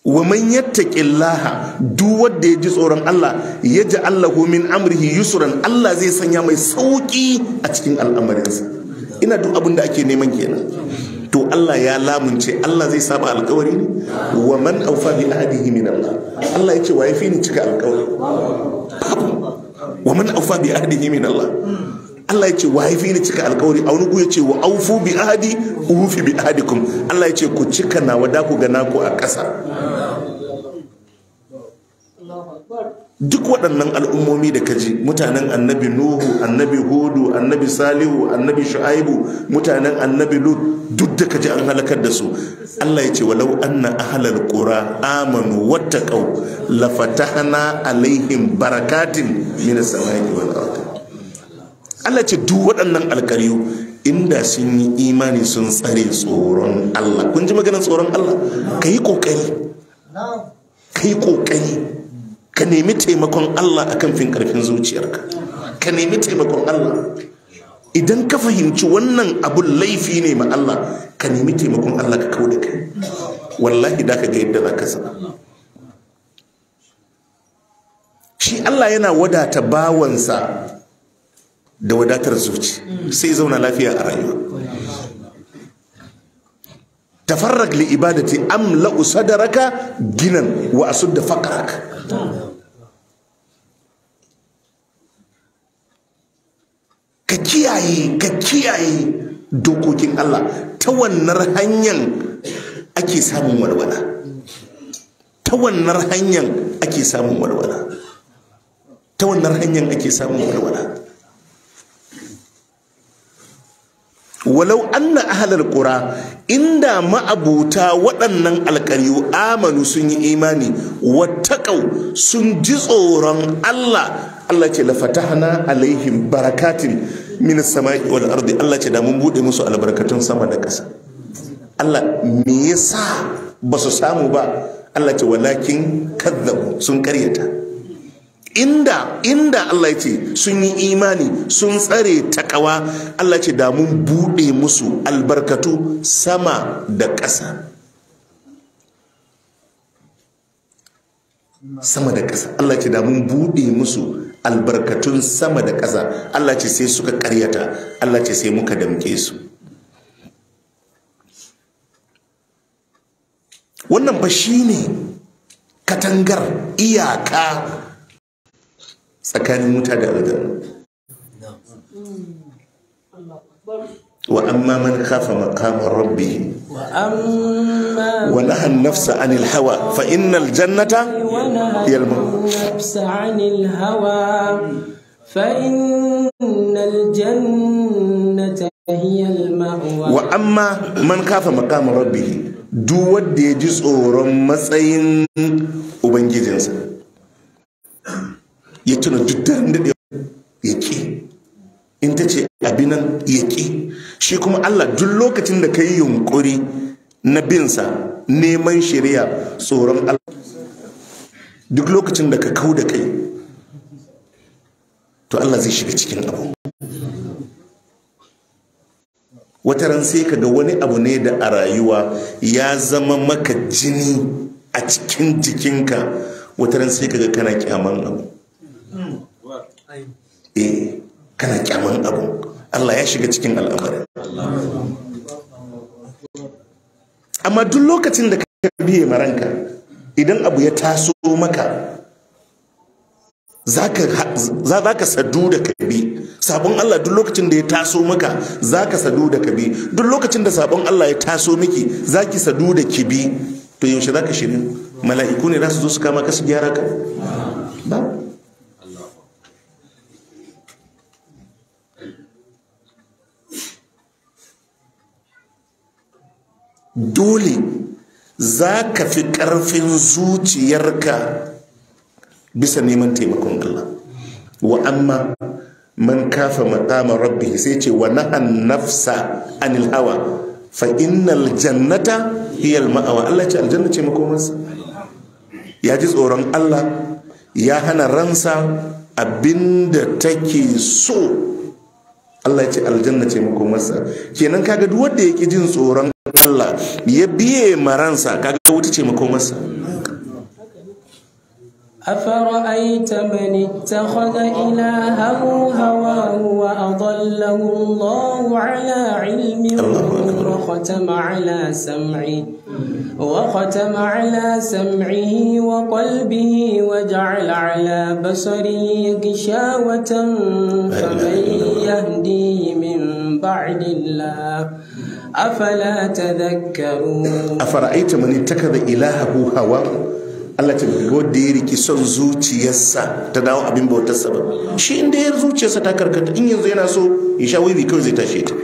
wa man yattaqillaha duk wanda ya ji tsoron Allah ya ji Allah min amrihi yusran Allah zai sanya mai sauki a cikin al'amarinsa ina duk abin da ake neman kenan to Allah ya lamunce Allah zai saba alkawari ne wa man awfa bi ahdihi min Allah Allah yake wa yafi ni cika alkawari wa man awfa bi ahdihi min Allah Allah ya ce wa yafi ni cika alkawari a wani ya ce wa aufu bi ahadi ufi bi ahdikum Allah ya ce ku cika nawa da ku ga naku a ƙasa duk waɗannan al'ummomi da kaji mutanen annabi nuhu annabi hudu annabi salihu annabi shu'aibu mutanen annabi lut duk da kaji an halakar da su Allah ya ce walau anna ahalar ƙura amanu wata ƙau, lafata hana alaihim barakatin minas samai wal ardi Allah ce duk waɗannan alƙariyu inda sun yi imani sun tsare tsoron Allah kun ji maganar tsoron Allah ka yi ƙoƙari ka yi ƙoƙari ka nemi taimakon Allah akan fin karfin zuciyarka ka nemi taimakon Allah idan ka fahimci wannan abun laifi ne ma Allah ka nemi taimakon Allah ka kawo da kai wallahi da ka ga yadda zaka sa shi Allah yana wadata bawansa da wadatar zuci sai zauna lafiya a rayuwa tafarrak li ibadati amla usadaraka ginan wa asudda faqrak ka kiyaye ka kiyaye dokokin Allah ta wannan hanyar ake samun walwala ta wannan hanyar ake samun walwala ta wannan hanyar ake samun walwala walau anna ahalar ƙura inda ma'abuta waɗannan alƙaryu amanu sun yi imani wattaƙau sun ji tsoron Allah Allah ce lafatahana alaihim barakatin min samai wal ardi Allah ce da mun bude musu albarkatun sama da ƙasa Allah me yasa ba su samu ba Allah ce walakin kadzabu sun karyata inda inda Allah ce sun yi imani sun tsare takawa Allah ce da mun bude musu albarkatu sama da ƙasa sama da ƙasa Allah ce da mun bude musu albarkatun sama da ƙasa Allah ce sai suka ƙaryata Allah ce sai muka damke su wannan ba shi ne katangar iyaka tsakanin wuta da aljanna وأما من خاف مقام ربه ونهى النفس عن الهوى فإن الجنة هي النفس عن الهوى فإن الجنة هي المأوى وأما من خاف مقام ربه دو wanda ya ji tsoron matsayin ubangijinsa ya tuna in ta ce abi nan ya ƙi shi kuma Allah duk lokacin da ka yi yunƙuri na binsa neman shari'a tsoron Allah duk lokacin da ka kau da kai to Allah zai shiga cikin abu wata ran sai ka ga wani abu ne da a rayuwa ya zama maka jini a cikin jikinka wata ran sai ka ga kana kyaman abu eh kana kyaman abu Allah ya shiga cikin al'amari amma duk lokacin da ka biye maranka idan abu ya taso maka za ka sadu da kabi sabon Allah duk lokacin da ya taso maka za ka sadu da kabi duk lokacin da sabon Allah ya taso miki za ki sadu da bi, to yaushe za ka shirin mala'iku ne za su zo su kama ka su gyara ka dole za ka fi ƙarfin zuciyarka bisa neman taimakon Allah wa amma man kafa maƙama rabbi sai ce wa na'an nafsa anil hawa fa innal jannata hiyal ma'awa Allah ce aljanna ce makomansa ya ji tsoron Allah ya hana ransa abinda take so Allah ce aljanna ce makomarsa kenan kaga duk wanda yake jin tsoron Allah ya biye maransa kaga wuta ce makomarsa أفرأيت من اتخذ إلهه هواه وأضله الله على علم وختم على سمعه وختم على سمعه وقلبه وجعل على بصره غشاوة فمن يهديه من بعد الله afala tadhakkarun afara'aita man ittakaza ilahahu hawa Allah ta ga da ya riki son zuciyarsa ta dawo abin bautar sa shi inda ya zuciyarsa ta karkata in yanzu yana so ya sha wuri kawai zai tashe ta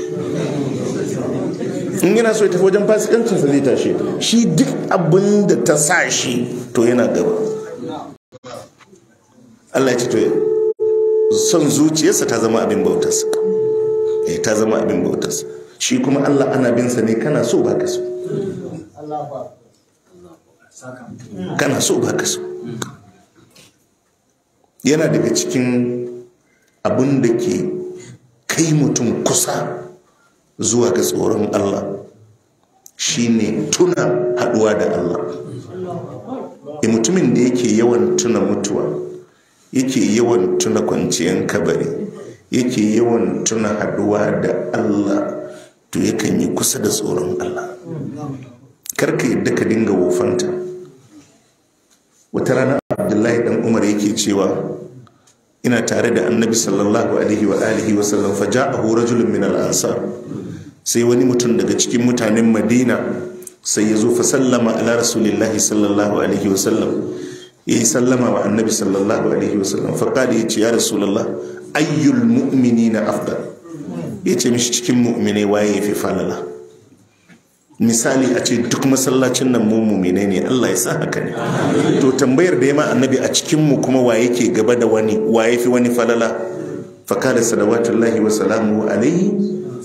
in yana so ya tafi wajen fasikancinsa zai tashe ta shi duk abin da ta sa shi to yana gaba Allah ya ce to son zuciyarsa ta zama abin bautarsa ta zama abin bautarsa shi kuma Allah ana bin sa ne kana so ba ka so kana so ba ka so yana daga cikin abin da ke kai mutum kusa zuwa ga tsoron Allah shine tuna haduwa da Allah e mutumin da yake yawan tuna mutuwa yake yawan tuna kwanciyar kabari yake yawan tuna haduwa da Allah to yakan yi kusa da tsoron Allah karka yadda ka dinga wofanta wata rana abdullahi dan umar yake cewa ina tare da annabi sallallahu alaihi wa alihi wa sallam fa ja'ahu rajulun min al-ansar sai wani mutum daga cikin mutanen madina sai ya zo fa sallama ala rasulillahi sallallahu alaihi wa sallam yayi sallama wa annabi sallallahu alaihi wa sallam fa ya ce ya rasulullah ayyul mu'minina afdal ya ce mishi cikin mu'mine waye ya fi falala misali a ce duk masallacin nan mu mu'mine ne Allah ya sa haka ne to tambayar da ya ma annabi a cikin mu kuma waye ke gaba da wani waye fi wani falala fakada salawatullahi wa salamu alaihi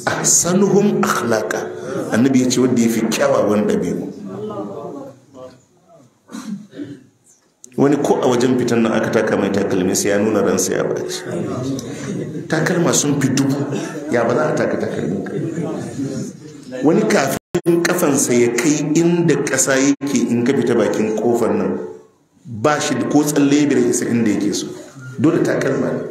ahsanuhum akhlaqa annabi ya ce wanda ya fi kyawawan ɗabi'u wani ko a wajen fitan nan aka taka mai takalmin sai ya nuna ransa ya baci takalma sun fi dubu ya ba za a taka takalmi wani kafin kafansa ya kai inda kasa yake in ka fita bakin kofar nan ba shi ko tsalle da isa inda yake so dole takalma ne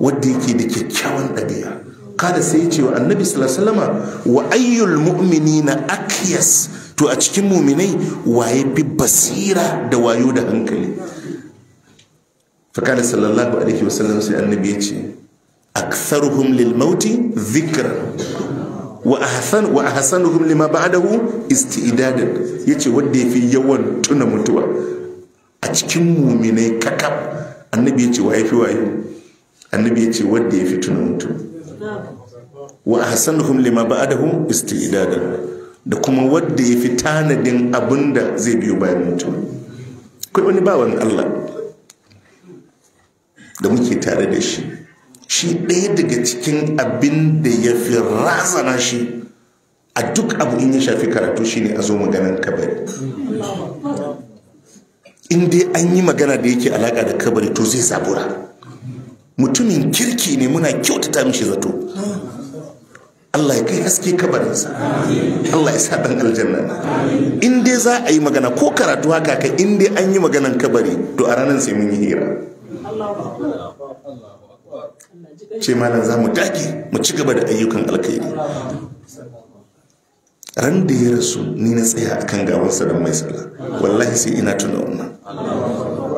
wadda yake da kyakkyawan ɗabi'a kada sai ce wa annabi sallallahu alaihi wa ayyul mu'minina akyas to a cikin muminai waye fi basira da wayo da hankali fakada sallallahu alaihi wasallam sai annabi ya ce aktharuhum lil mauti dhikra wa ahsan wa ahsanuhum lima ba'dahu isti'dadan yace wanda yafi yawan tuna mutuwa a cikin muminai kakab annabi ce waye fi waye annabi ce wanda yafi tuna mutuwa wa ahsanuhum lima ba'dahu isti'dadan da kuma wadda ya fi tanadin abin da zai biyo bayan mutum kai wani bawan Allah da muke tare da shi shi ɗaya daga cikin abin da ya fi razana shi a duk abu in ya shafi karatu shi ne a zo maganan kabari in dai an yi magana da yake alaka da kabari to zai zabura mutumin kirki ne muna kyautata mishi zato Allah ya kai haske kabarinsa Allah ya sa dan aljanna in dai za a yi magana ko karatu haka kai in dai an yi maganan kabari to a ranar sai mun yi hira ce nan za mu dage mu ci gaba da ayyukan alkhairi ran da ya rasu ni na tsaya a kan gawansa da mai sallah wallahi sai ina tuna wannan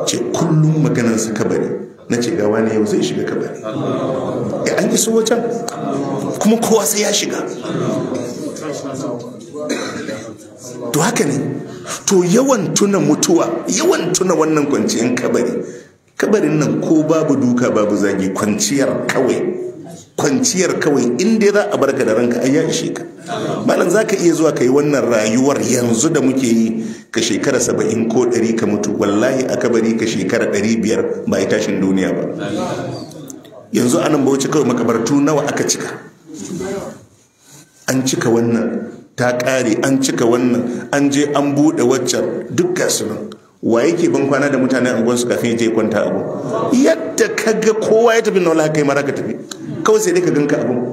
ce kullum maganansa kabari na ce gawa ne yau zai shiga kabari ya an iso wajen kuma kowa sai ya shiga to haka ne to yawan tuna mutuwa yawan tuna wannan kwanciyar kabari kabarin nan ko babu duka babu zagi kwanciyar kawai kwanciyar kawai inda za a barka da ranka ai ya ishe ka malam za ka iya zuwa ka yi wannan rayuwar yanzu da muke yi ka shekara saba'in ko ɗari ka mutu wallahi a kabari ka shekara ɗari biyar ba ya tashin duniya ba yanzu anan wuce kawai makabartu nawa aka cika an cika wannan ta ƙare an cika wannan an je an buɗe waccan duk gasunan wa yake ban kwana da mutane a su kafin je kwanta abu yadda ka ga kowa ya tafi na wala kai mara ka tafi kawai sai dai ka ganka abu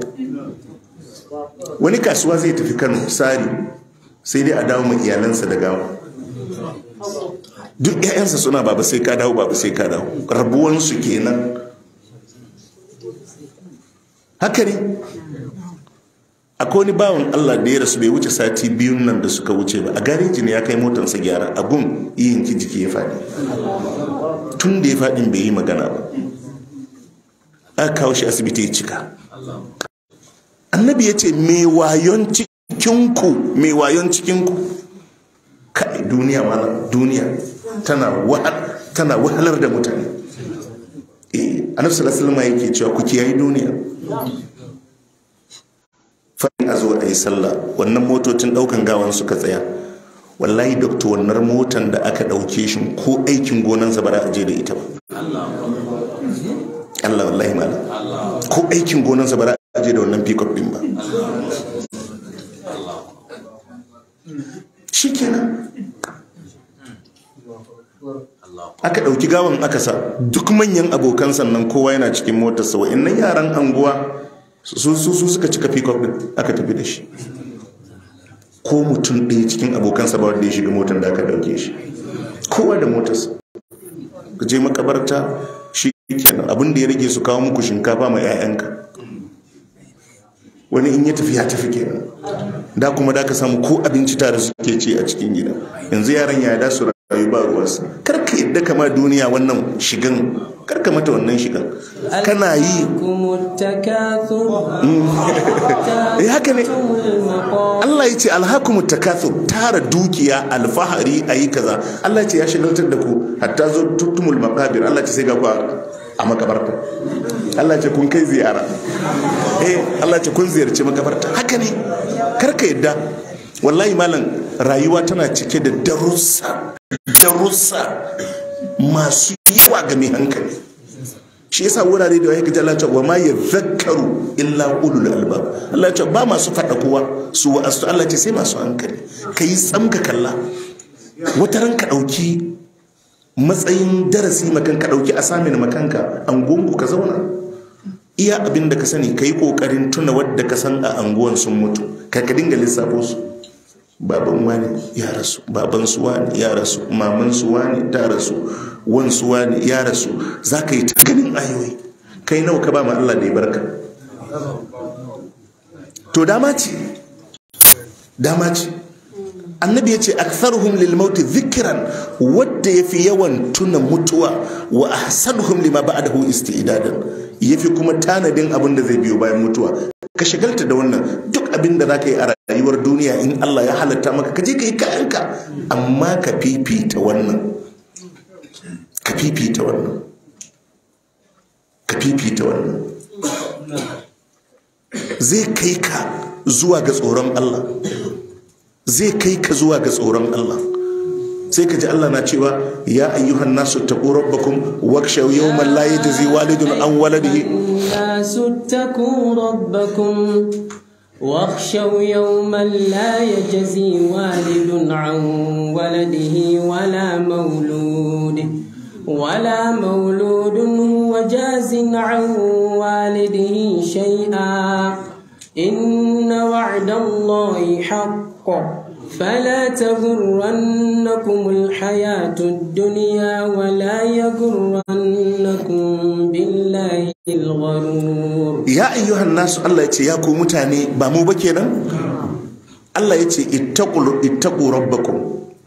wani kasuwa zai tafi kano sari sai dai a dawo mai iyalansa da gawa duk 'ya'yansa suna baba sai ka dawo baba sai ka dawo rabuwansu kenan haka ne akwai wani bawan Allah da ya rasu bai wuce sati biyun nan da suka wuce ba a gareji ne ya kai motarsa gyara abun yin ki jiki ya faɗi tun da ya faɗin bai yi magana ba a kawo shi asibiti ya cika annabi ya ce me wayon cikinku me wayon cikinku kai duniya mana duniya tana wahalar da mutane eh annabi sallallahu yake cewa ku kiyaye duniya faɗin a zo a yi sallah wannan motocin ɗaukan gawan suka tsaya wallahi dokta wannan motan da aka ɗauke shi ko aikin gonansa ba za a je da ita ba Allah wallahi mala ko aikin gonansa ba za a je da wannan pickup din ba shi kenan aka ɗauki gawan aka sa duk manyan abokan sannan kowa yana cikin motarsa wa'annan yaran anguwa su suka cika fikon din aka tafi da shi ko mutum ɗaya cikin abokansa ba da ya shiga motar da aka ɗauke shi kowa da motarsa ka je makabarta shi kenan abin da ya rage su kawo muku shinkafa ma 'ya'yanka wani in ya tafi ya tafi kenan da kuma da ka samu ko abinci tare suke ci a cikin gida yanzu yaran ya da su rayu ba ruwansu kar ka yadda kama duniya wannan shigan karka mata wannan shigan kana yi eh, haka ne Allah ya ce alhakumu takatsu tara dukiya alfahari a yi kaza Allah ya ce ya shigaltar da ku hatta zo tuttumul maqabir Allah ya ce sai ga ku a makabarta Allah ce kun kai ziyara eh Allah ce kun ziyarci makabarta haka ne karka yadda wallahi malam rayuwa tana cike da darussa darussa masu yawa ga mai hankali shi yasa wurare da wahai kaji Allah wa ma ya zakaru illa ulul albab Allah ce ba masu faɗa kowa su wa asu Allah ce sai masu hankali ka yi tsamka kalla wata ran ka ɗauki matsayin darasi makan ka ɗauki asamin makanka gungu ka zauna iya abin da ka sani ka yi ƙoƙarin tuna wadda ka san a anguwan sun mutu ka ka dinga lissafo su baban wani ya rasu baban su wani ya rasu maman su wani ta rasu wan su wani ya rasu za ka yi ta ayoyi kai nawa ka ba ma Allah da ya barka to dama ce dama ce annabi ya ce aktharuhum lil maut dhikran wadda yafi yawan tuna mutuwa wa ahsanuhum lima ba'dahu istidadan yafi kuma tanadin abin da zai biyo bayan mutuwa ka shagalta da wannan duk abin da za ka yi a rayuwar duniya in Allah ya halatta maka ka je ka yi kayanka amma ka fifita wannan ka fifita wannan ka fifita wannan zai kai ka zuwa ga tsoron Allah zai kai ka zuwa ga tsoron Allah sai ka ji Allah na cewa ya ayyuhan nasu taqu rabbakum wakshaw yawman la yajzi walidun an waladihi nasu taqu rabbakum واخشوا يوما لا يجزي والد عن ولده ولا مولود ولا مولود هو جاز عن والده شيئا إن وعد الله حق فلا تغرنكم الحياة الدنيا ولا يغرنكم بالله الغرور يا أيها الناس الله يتي ياكو متاني بامو بكينا الله يتي اتقوا اتقوا ربكم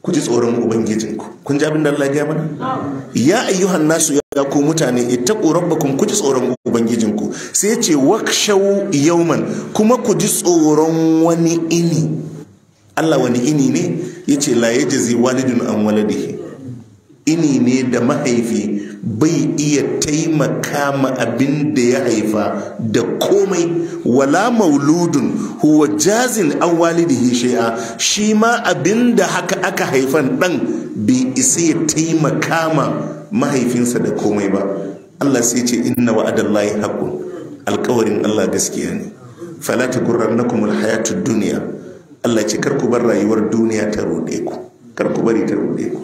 ku ji tsoron ubangijinku kun ji abin da Allah ya mana ya ayyuhan nasu ya ku mutane ittaqu rabbakum ku ji tsoron ubangijinku sai ya ce wakshaw yawman kuma ku ji tsoron wani ini Allah wani ini ne ya ce la yajzi walidun an waladihi ini ne da mahaifi bai iya taimaka ma abin da ya haifa da komai wala mauludun huwa jazin an walidihi shay'a shi ma abin da haka aka haifan dan bai isa ya taimaka ma mahaifinsa da komai ba Allah sai ce inna wa'adallahi haqqun alƙawarin Allah gaskiya ne fala takurrannakum alhayatud duniya. Allah ce kar ku bar rayuwar duniya ta ruɗe ku kar ku bari ta ruɗe ku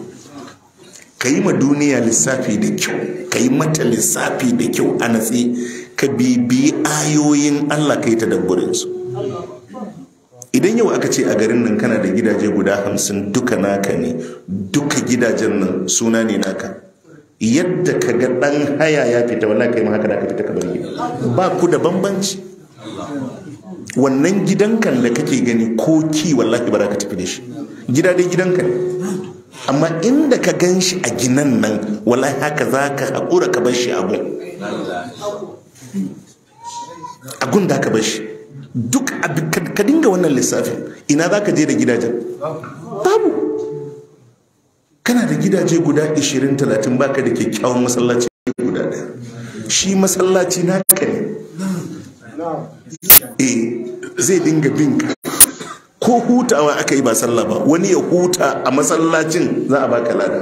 ka yi ma duniya lissafi da kyau ka yi mata lissafi da kyau a natsi ka bibi ayoyin Allah ka yi ta su idan yau aka ce a garin nan kana da gidaje guda hamsin duka naka ne duka gidajen nan suna ne naka yadda ka ga ɗan haya ya fita wala kai ma haka da ka fita ka bari ba ku da bambanci wannan gidankan da kake gani ko ki wallahi ba za ka tafi da shi gida dai gidanka ne amma inda ka gan shi a ginan nan wallahi haka za ka haƙura ka bar shi a gun a gun da ka bar shi duk ka dinga wannan lissafin ina za ka je da gidajen babu kana da gidaje guda 20-30 baka da kyakkyawan masallaci guda ɗaya shi masallaci ka ne eh, zai dinga bin ka ko hutawa aka yi ba sallah ba wani ya huta a masallacin za a baka lada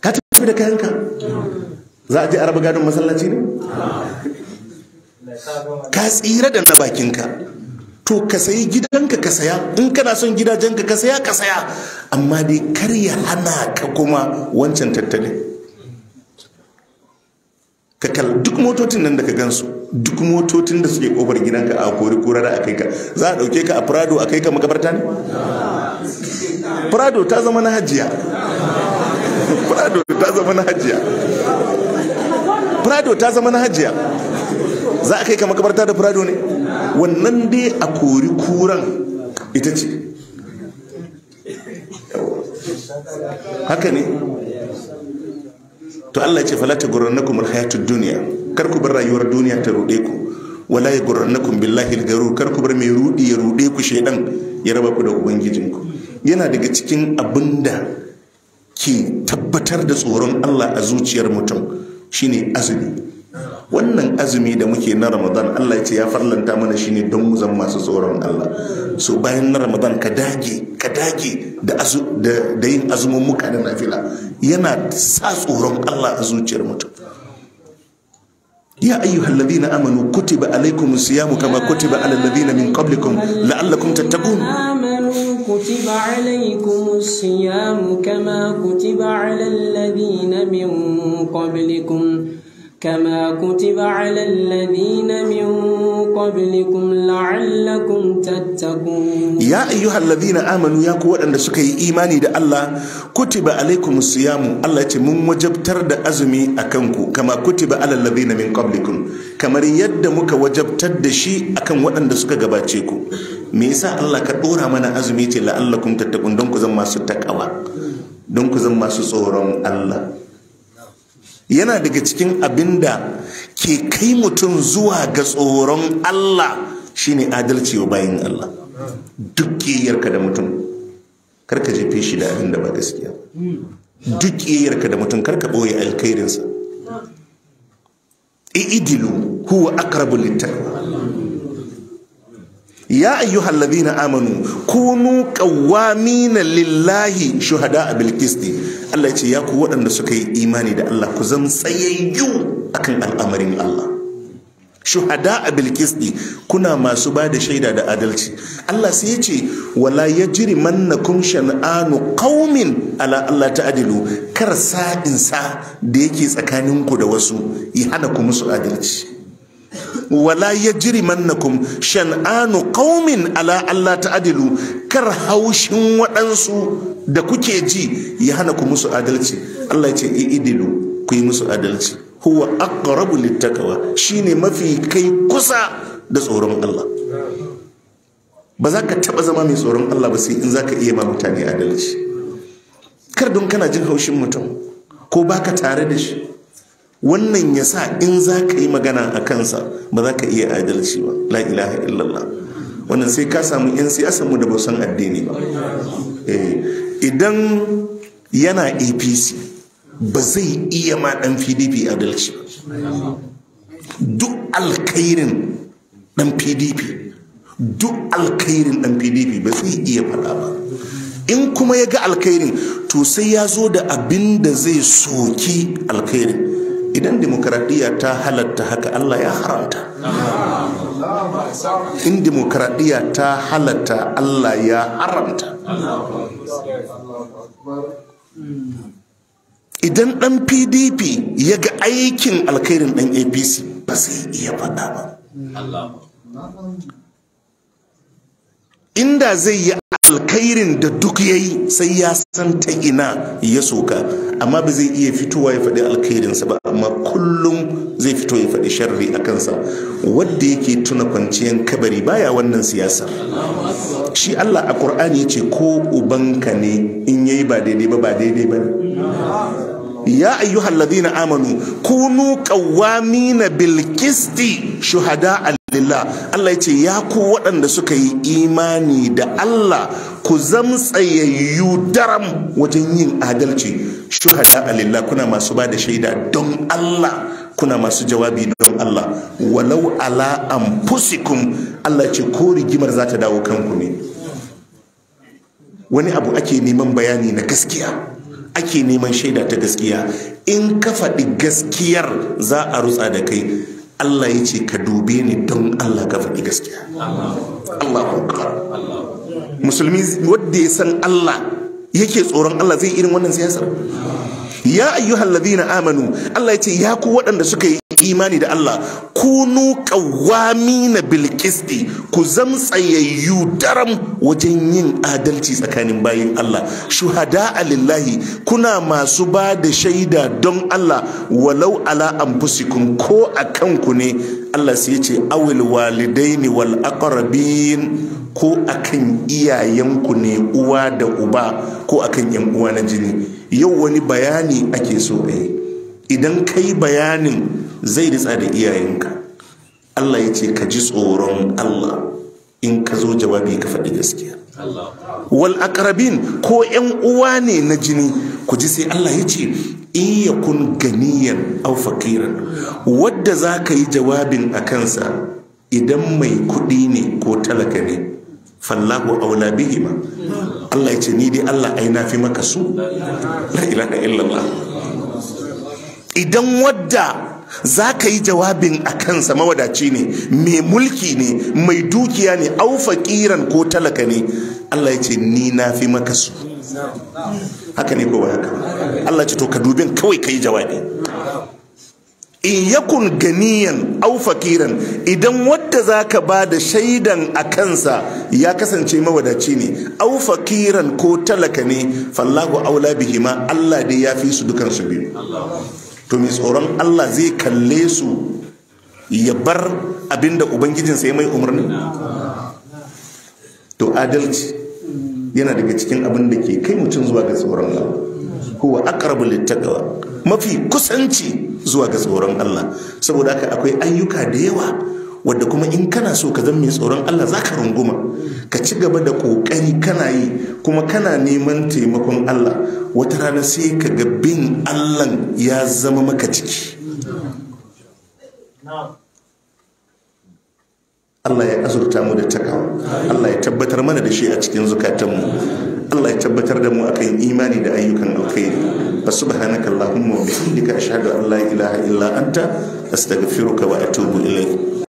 ka tafi da kayanka za a je araba gadon masallaci ne ka tsira da na bakinka to ka sayi gidanka ka saya in kana son gidajenka ka saya ka saya amma dai kar ya hana ka kuma wancan tattalin ka duk motocin nan da ka gansu duk motocin da suke kofar gidanka a kori kura da yi ka za a dauke ka a prado a kai ka makabarta ne prado ta zama na hajiya prado ta zama na hajiya prado ta zama na hajiya za a kai ka makabarta da prado ne wannan dai a kori kuran ita ce haka ne to Allah ce falata gurrannakum alhayatud duniya kar ku bar rayuwar duniya ta ruɗe ku wala ya gurrannakum billahi al-garur kar ku bar mai ruɗi ya ruɗe ku shaiɗan. ya raba ku da ubangijinku yana daga cikin da ke tabbatar da tsoron Allah a zuciyar mutum shine azumi wannan azumi da muke na ramadan allah ya ce ya farlanta mana shine don mu zama masu tsoron allah so bayan na ramadan ka dage ka dage da yin azumin muka na nafila yana sa tsoron allah a zuciyar mutum يا أيها الذين آمنوا كتب عليكم الصيام كما كتب على الذين من قبلكم لعلكم تتقون آمنوا كتب عليكم الصيام كما كتب على الذين من قبلكم كما كتب على الذين من قبلكم لعلكم تتقون يا أيها الذين آمنوا يا قوة أن سكي إيماني دا الله كتب عليكم الصيام الله يتمم وجبتر دا أزمي أكنكو كما كتب على الذين من قبلكم كما يد مك وجبتر دا شي أكن وأن دا سكي غباتيكو ميسا الله كدورا من أزمي تلا ألكم تتقون دونكو زم ما ستكوا دونكو زم ما الله yana daga cikin abin da ke kai mutum zuwa ga tsoron Allah shine adalci wa bayan Allah duk ƙiyarka da mutum karka jefe shi da abin da ba gaskiya duk ƙiyarka da mutum karka ɓoye alkhairinsa idilu huwa aqrabu littaqwa ya ayyu ayyuhal na amanu kunu na lillahi shuhada a qisti Allah ce ya ku waɗanda suka yi imani da Allah ku zan tsayayyu akan al'amarin Allah shuhada a bilkisti kuna masu ba da shaida da adalci Allah sai ya ce wala ya jiri kun shan'anu qaumin ala Allah ta'adilu kar sa'insa da yake tsakaninku da wasu ya hana ku musu adalci wala ya kum shan'anu qaumin ala Allah adilu kar haushin waɗansu da kuke ji ya hana ku musu adalci Allah ya ce idilu ku yi musu adalci huwa aqrabu shi shine mafi kai kusa da tsoron Allah ba za ka taba zama mai tsoron Allah ba sai in za ka iya ma mutane adalci kar don kana jin haushin mutum ko baka tare da shi wannan ya sa in za ka yi magana a kansa ba za ka iya adalci ba la ilaha illallah wannan sai ka samu 'yan siyasa mu da ba addini ba eh, idan yana apc ba zai iya ma dan pdp adalci ba duk alkairin dan pdp duk alkairin dan pdp ba zai iya faɗa ba in kuma ya ga alkairin to sai ya zo da abin da zai soki alkairin idan demokaradiyya ta halatta haka Allah ya haramta in demokaradiyya ta halatta Allah ya haramta idan ɗan pdp ya ga aikin alkhairin ɗan apc ba sai iya faɗa ba inda zai yi alkhairin da duk ya yi sai ya san ta ina ya soka amma ba zai iya fitowa ya faɗi alkhairinsa ba amma kullum zai fito ya faɗi sharri a kansa wadda yake tuna kwanciyar kabari baya wannan siyasar shi allah a ƙur'ani ce ko ubanka ne in ya yi ba daidai ba ba daidai ba ya ayyuhal ladina amanu kunu qawwamina bil qisti shuhada lillah Allah ya ce ya ku waɗanda suka yi imani da Allah ku zamtsayayyu daram wajen yin adalci shuhada alillah kuna masu ba da shaida don Allah kuna masu jawabi don Allah walau ala fusikun Allah ce ko rigimar za ta dawo kanku ne wani abu ake neman bayani na gaskiya ake neman shaida ta gaskiya in ka faɗi gaskiyar za a rutsa da kai Allah ya ce ka dube ni don Allah ka faɗi gaskiya Allah musulmi wadda ya san Allah yake tsoron Allah zai irin wannan siyasar ya ayyuhal ladina amanu Allah ya ce ya ku waɗanda suka yi imani da Allah kunu na bilkisti ku zam tsayayyu daram wajen yin adalci tsakanin bayin Allah shuhada alillahi kuna masu ba da shaida don Allah walau ala anfusikum ko a kanku ne Allah sai ce awil walidaini wal aqrabin ko akan iyayenku ne uwa da uba ko akan yan uwa na jini yau wani bayani ake so a yi idan kai bayanin zai ritsa da iyayenka Allah ya ce ka ji tsoron Allah in ka zo jawabi ka faɗi gaskiya wal akarabin ko yan uwa ne na jini ku ji sai Allah ya ce in ya kun ganiyan au fakiran wadda za ka yi jawabin a kansa idan mai kuɗi ne ko talaka ne fallahu aula bihima Allah ya ce ni dai Allah ai na fi maka su la ilaha illallah idan wadda za ka yi jawabin a kansa mawadaci ne mai mulki ne mai dukiya ne au ko talaka ne allah ya ce ni na fi maka su haka ne kowa haka allah ce to ka dubin kawai ka yi jawabi in yakun ganiyan au faƙiran idan wadda za ka ba da shaidan a kansa ya kasance mawadaci ne au ko talaka ne fallahu aula bihima allah dai ya fi su dukansu biyu to mai tsoron Allah zai kalle su ya bar abinda ubangijinsa ya mai umarni to adalci yana daga cikin abin da ke kai mutum zuwa ga tsoron Allah huwa aqrabu littaqwa mafi kusanci zuwa ga tsoron Allah saboda haka akwai ayyuka da yawa wadda kuma in kana so ka zama mai tsoron Allah za ka runguma ka ci gaba da ƙoƙari kana yi kuma kana neman taimakon Allah wata rana sai ka ga bin Allah ya zama maka ciki Allah ya azurta mu da takawa Allah ya tabbatar mana da shi a cikin mu. Allah ya tabbatar da mu akan imani da ayyukan alkhairi subhanaka allahumma wa bihamdika ashhadu an la ilaha illa anta astaghfiruka wa atubu ilayk